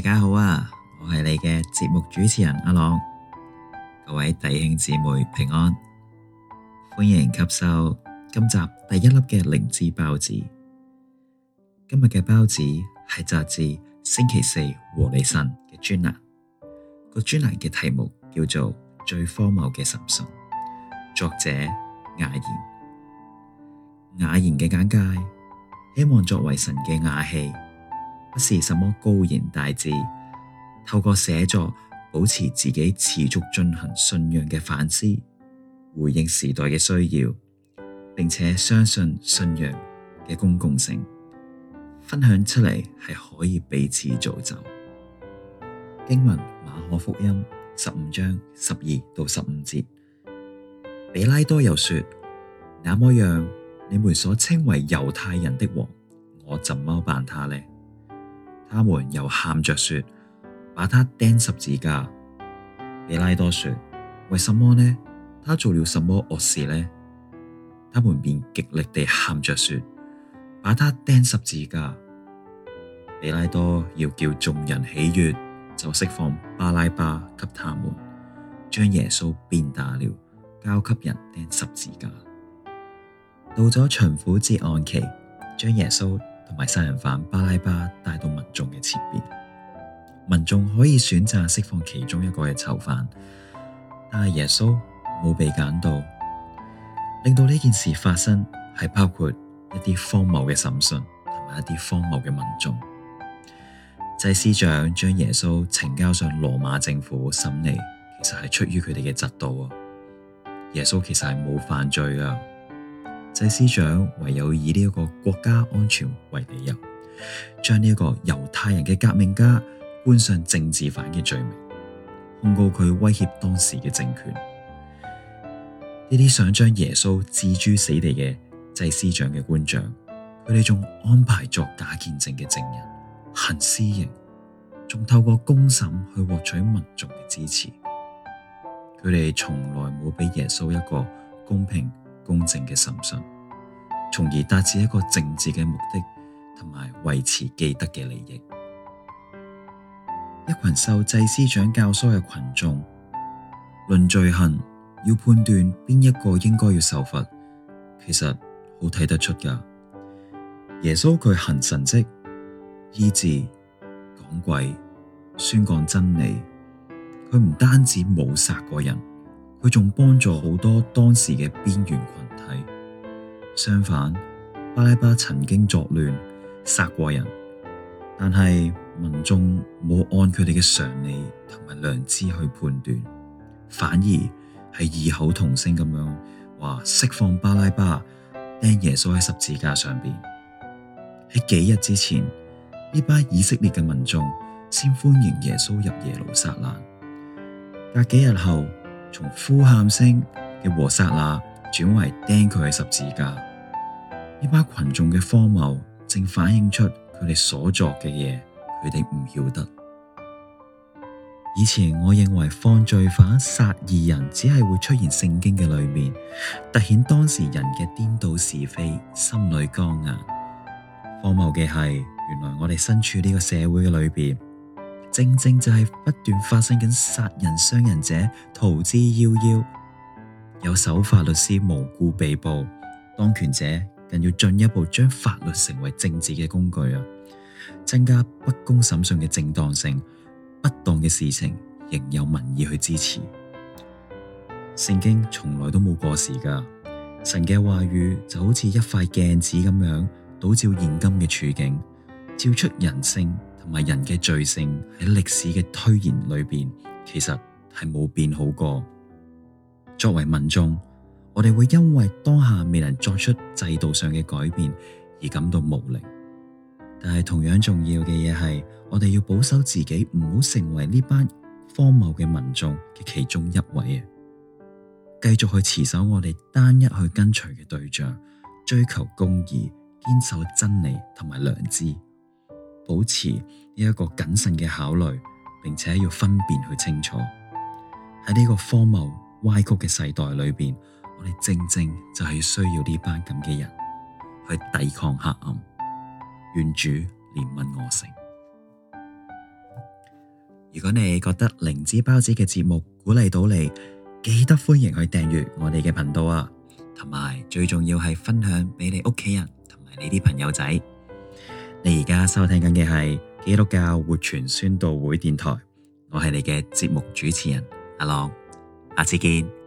大家好啊！我係你嘅節目主持人阿朗，各位弟兄姊，姊妹平安，歡迎吸收今集第一粒嘅靈之胞子。今日嘅胞子係摘自星期四和你呻嘅專欄，個專欄嘅題目叫做《最荒謬嘅審訊》，作者瓦言。瓦言嘅簡介，希望作為神嘅瓦器。不是什麼高言大志，透過寫作保持自己持續進行信仰嘅反思，回應時代嘅需要，並且相信信仰嘅公共性，分享出嚟係可以彼此造就。經文馬可福音十五章十二到十五節，彼拉多又說：那麼樣你們所稱為猶太人的王，我怎麼辦他呢？他們又喊着說，把他釘十字架。彼拉多說：為什麼呢？他做了什麼惡事呢？他們便極力地喊着說，把他釘十字架。彼拉多要叫眾人喜悅，就釋放巴拉巴給他們，將耶穌鞭打了，交給人釘十字架。到咗巡撫之按期，將耶穌。同埋殺人犯巴拉巴帶到民眾嘅前面，民眾可以選擇釋放其中一個嘅囚犯，但係耶穌冇被揀到。令到呢件事發生係包括一啲荒謬嘅審訊同埋一啲荒謬嘅民眾。祭司長將耶穌呈交上羅馬政府審理，其實係出於佢哋嘅嫉妒啊。耶穌其實係冇犯罪㗎。祭司長唯有以呢個國家安全為理由，將呢個猶太人嘅革命家冠上政治犯嘅罪名，控告佢威脅當時嘅政權。呢啲想將耶穌置諸死地嘅祭司長嘅官長，佢哋仲安排作假見證嘅證人，行私刑，仲透過公審去獲取民眾嘅支持。佢哋從來冇畀耶穌一個公平、公正嘅審訊，從而達至一個政治嘅目的，同埋維持既得嘅利益。一群受祭司長教唆嘅群眾，論罪行要判斷邊一個應該要受罰，其實好睇得出㗎。耶穌佢行神跡、醫治、趕鬼，宣講真理，佢唔單止冇殺過人。佢仲幫助好多當時嘅邊緣群體。相反，巴拉巴曾經作亂殺過人，但係民眾冇按佢哋嘅常理同埋良知去判斷，反而係異口同聲咁樣話釋放巴拉巴，釘耶穌喺十字架上面。喺幾日之前，呢班以色列嘅民眾先歡迎耶穌入耶路撒冷，隔幾日後，從呼喊聲嘅和散那轉為釘佢嘅十字架，呢班群眾嘅荒謬正反映出佢哋所作嘅嘢，佢哋唔曉得。以前我認為放罪犯殺義人只係會出現聖經嘅裏面，凸顯當時人嘅顛倒是非、心裏剛硬。荒謬嘅係，原來我哋身處呢個社會嘅裏邊。正正就係不斷發生緊殺人傷人者逃之夭夭，有守法律師無故被捕，當權者更要進一步將法律成為政治嘅工具啊！增加不公審訊嘅正當性，不當嘅事情仍有民意去支持。聖經從來都冇過時㗎，神嘅話語就好似一塊鏡子咁樣，倒照現今嘅處境，照出人性。同埋人嘅罪性喺歷史嘅推延裏邊，其實係冇變好過。作為民眾，我哋會因為當下未能作出制度上嘅改變而感到無力。但係同樣重要嘅嘢係，我哋要保守自己，唔好成為呢班荒謬嘅民眾嘅其中一位啊！繼續去持守我哋單一去跟隨嘅對象，追求公義，堅守真理同埋良知。保持一個謹慎嘅考慮，並且要分辨去清楚。喺呢個荒謬歪曲嘅世代裏邊，我哋正正就係需要呢班咁嘅人去抵抗黑暗。願主憐憫我城。如果你覺得靈之胞子嘅節目鼓勵到你，記得歡迎去訂閱我哋嘅頻道啊，同埋最重要係分享俾你屋企人同埋你啲朋友仔。你而家收聽緊嘅係基督教活泉宣道會電台，我係你嘅節目主持人阿朗。下次見。